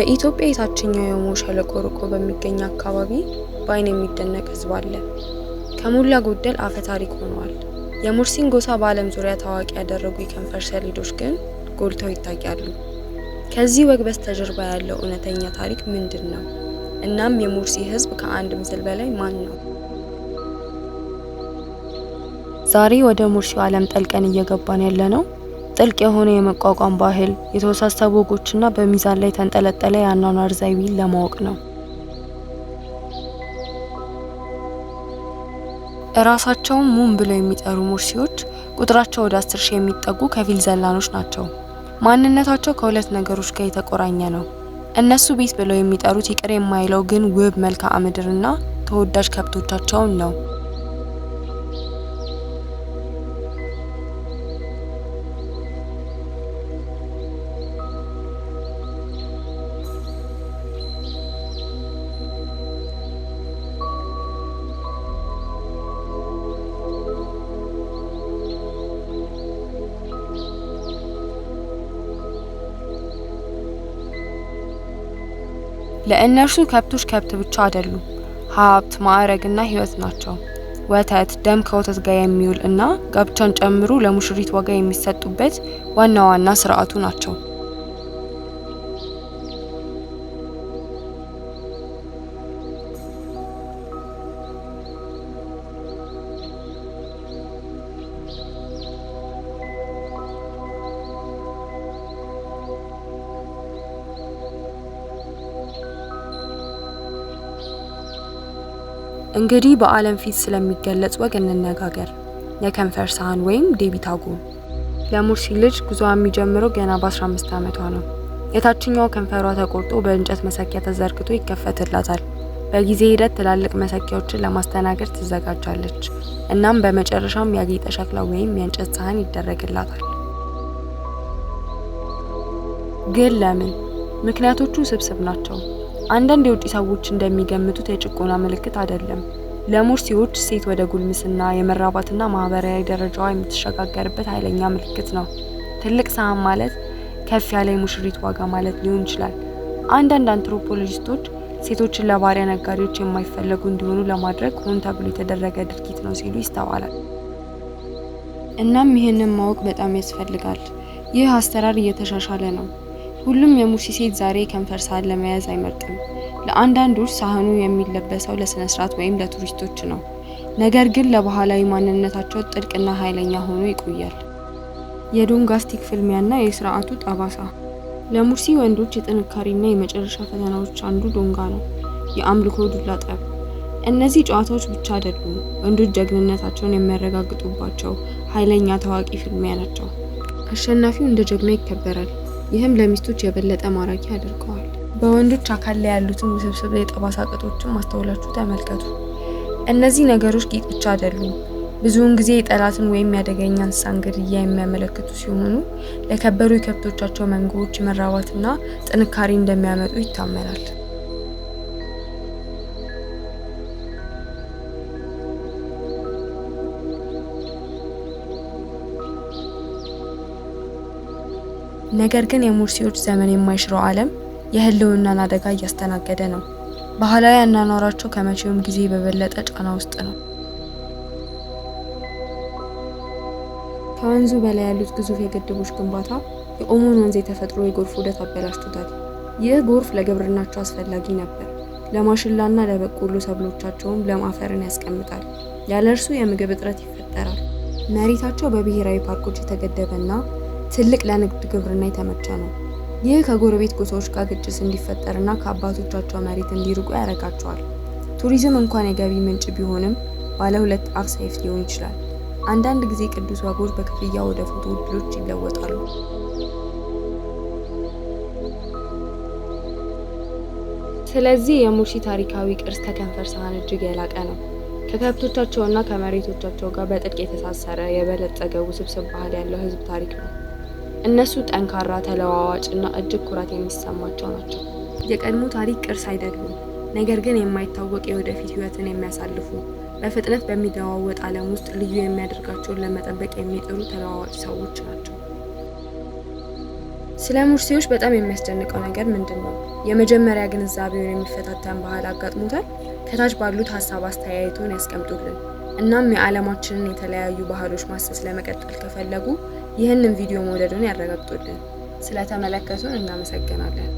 በኢትዮጵያ የታችኛው የኦሞ ሸለቆ ርቆ በሚገኝ አካባቢ በአይን የሚደነቅ ሕዝብ አለ። ከሞላ ጎደል አፈ ታሪክ ሆኗል። የሙርሲን ጎሳ በዓለም ዙሪያ ታዋቂ ያደረጉ የከንፈር ሰሌዶች ግን ጎልተው ይታያሉ። ከዚህ ወግ በስተጀርባ ያለው እውነተኛ ታሪክ ምንድን ነው? እናም የሙርሲ ሕዝብ ከአንድ ምስል በላይ ማን ነው? ዛሬ ወደ ሙርሲው ዓለም ጠልቀን እየገባን ያለ ነው ጥልቅ የሆነ የመቋቋም ባህል፣ የተወሳሰቡ ወጎችና በሚዛን ላይ ተንጠለጠለ የአኗኗር ዘይቤን ለማወቅ ነው። እራሳቸውን ሙን ብለው የሚጠሩ ሙርሲዎች ቁጥራቸው ወደ አስር ሺህ የሚጠጉ ከፊል ዘላኖች ናቸው። ማንነታቸው ከሁለት ነገሮች ጋር የተቆራኘ ነው። እነሱ ቤት ብለው የሚጠሩት ይቅር የማይለው ግን ውብ መልክዓ ምድርና ተወዳጅ ከብቶቻቸውን ነው። ለእነርሱ ከብቶች ከብት ብቻ አይደሉም፣ ሀብት፣ ማዕረግና ህይወት ናቸው። ወተት፣ ደም ከወተት ጋር የሚውል እና ጋብቻን ጨምሮ ለሙሽሪት ዋጋ የሚሰጡበት ዋና ዋና ስርዓቱ ናቸው። እንግዲህ በዓለም ፊት ስለሚገለጽ ወግ እንነጋገር። የከንፈር ሳህን ወይም ዴቢታጎን ለሙርሲ ልጅ ጉዞ የሚጀምረው ገና በ15 ዓመቷ ነው። የታችኛው ከንፈሯ ተቆርጦ በእንጨት መሰኪያ ተዘርግቶ ይከፈትላታል። በጊዜ ሂደት ትላልቅ መሰኪያዎችን ለማስተናገድ ትዘጋጃለች። እናም በመጨረሻም ያጌጠ ሸክላ ወይም የእንጨት ሳህን ይደረግላታል። ግን ለምን? ምክንያቶቹ ስብስብ ናቸው። አንዳንድ የውጭ ሰዎች እንደሚገምቱት የጭቆና ምልክት አይደለም። ለሙርሲዎች ሴት ወደ ጉልምስና የመራባትና ማህበራዊ ደረጃዋ የምትሸጋገርበት ኃይለኛ ምልክት ነው። ትልቅ ሰሃን ማለት ከፍ ያለ የሙሽሪት ዋጋ ማለት ሊሆን ይችላል። አንዳንድ አንትሮፖሎጂስቶች ሴቶችን ለባሪያ ነጋዴዎች የማይፈለጉ እንዲሆኑ ለማድረግ ሆን ተብሎ የተደረገ ድርጊት ነው ሲሉ ይስተዋላል። እናም ይህንን ማወቅ በጣም ያስፈልጋል። ይህ አሰራር እየተሻሻለ ነው። ሁሉም የሙርሲ ሴት ዛሬ ከንፈር ሳህን ለመያዝ አይመርጥም። ለአንዳንዶች ሳህኑ የሚለበሰው ለሥነ ሥርዓት ወይም ለቱሪስቶች ነው። ነገር ግን ለባህላዊ ማንነታቸው ጥልቅና ኃይለኛ ሆኖ ይቆያል። የዶንጋስቲክ ፍልሚያና የስርዓቱ ጠባሳ ለሙርሲ ወንዶች የጥንካሬና የመጨረሻ ፈተናዎች አንዱ ዶንጋ ነው፣ የአምልኮ ዱላ ጠብ። እነዚህ ጨዋታዎች ብቻ አይደሉም፣ ወንዶች ጀግንነታቸውን የሚያረጋግጡባቸው ኃይለኛ ታዋቂ ፍልሚያ ናቸው። አሸናፊው እንደ ጀግና ይከበራል፣ ይህም ለሚስቶች የበለጠ ማራኪ አድርገዋል። በወንዶች አካል ላይ ያሉትን ውስብስብ የጠባሳ ቅጦችን ማስተውላችሁ ተመልከቱ። እነዚህ ነገሮች ጌጥ ብቻ አይደሉም። ብዙውን ጊዜ የጠላትን ወይም ያደገኛ እንስሳ እንግድያ የሚያመለክቱ ሲሆኑ ለከበሩ የከብቶቻቸው መንጎዎች መራባትና ጥንካሬ እንደሚያመጡ ይታመናል። ነገር ግን የሙርሲዎች ዘመን የማይሽረው ዓለም የህልውናን አደጋ እያስተናገደ ነው። ባህላዊ አኗኗራቸው ከመቼውም ጊዜ በበለጠ ጫና ውስጥ ነው። ከወንዙ በላይ ያሉት ግዙፍ የግድቦች ግንባታ የኦሞን ወንዝ የተፈጥሮ የጎርፍ ውደት አበላሽቶታል። ይህ ጎርፍ ለግብርናቸው አስፈላጊ ነበር። ለማሽላና ለበቆሎ ሰብሎቻቸውም ለም አፈርን ያስቀምጣል። ያለ እርሱ የምግብ እጥረት ይፈጠራል። መሬታቸው በብሔራዊ ፓርኮች የተገደበና ትልቅ ለንግድ ግብርና የተመቸ ነው። ይህ ከጎረቤት ጎሳዎች ጋር ግጭት እንዲፈጠርና ከአባቶቻቸው መሬት እንዲርቁ ያደርጋቸዋል። ቱሪዝም እንኳን የገቢ ምንጭ ቢሆንም ባለ ሁለት አፍ ሰይፍ ሊሆን ይችላል። አንዳንድ ጊዜ ቅዱስ ዋጎች በክፍያ ወደ ፎቶ ውድሎች ይለወጣሉ። ስለዚህ የሙርሲ ታሪካዊ ቅርስ ከከንፈር ሳህን እጅግ የላቀ ነው። ከከብቶቻቸውና ከመሬቶቻቸው ጋር በጥልቅ የተሳሰረ የበለጸገ ውስብስብ ባህል ያለው ሕዝብ ታሪክ ነው። እነሱ ጠንካራ፣ ተለዋዋጭ እና እጅግ ኩራት የሚሰማቸው ናቸው። የቀድሞ ታሪክ ቅርስ አይደሉም፣ ነገር ግን የማይታወቅ የወደፊት ህይወትን የሚያሳልፉ በፍጥነት በሚለዋወጥ ዓለም ውስጥ ልዩ የሚያደርጋቸውን ለመጠበቅ የሚጥሩ ተለዋዋጭ ሰዎች ናቸው። ስለ ሙርሲዎች በጣም የሚያስደንቀው ነገር ምንድን ነው? የመጀመሪያ ግንዛቤውን የሚፈታተን ባህል አጋጥሞታል? ከታች ባሉት ሀሳብ አስተያየቶን ያስቀምጡልን። እናም የዓለማችንን የተለያዩ ባህሎች ማሰስ ለመቀጠል ከፈለጉ ይህንን ቪዲዮ መውደዱን ያረጋግጡልን። ስለተመለከቱን እናመሰግናለን።